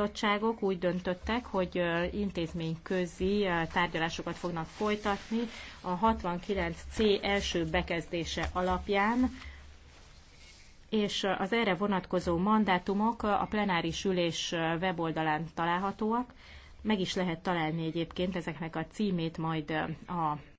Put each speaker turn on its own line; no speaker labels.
bizottságok úgy döntöttek, hogy intézményközi tárgyalásokat fognak folytatni a 69C első bekezdése alapján, és az erre vonatkozó mandátumok a plenáris ülés weboldalán találhatóak. Meg is lehet találni egyébként ezeknek a címét majd
a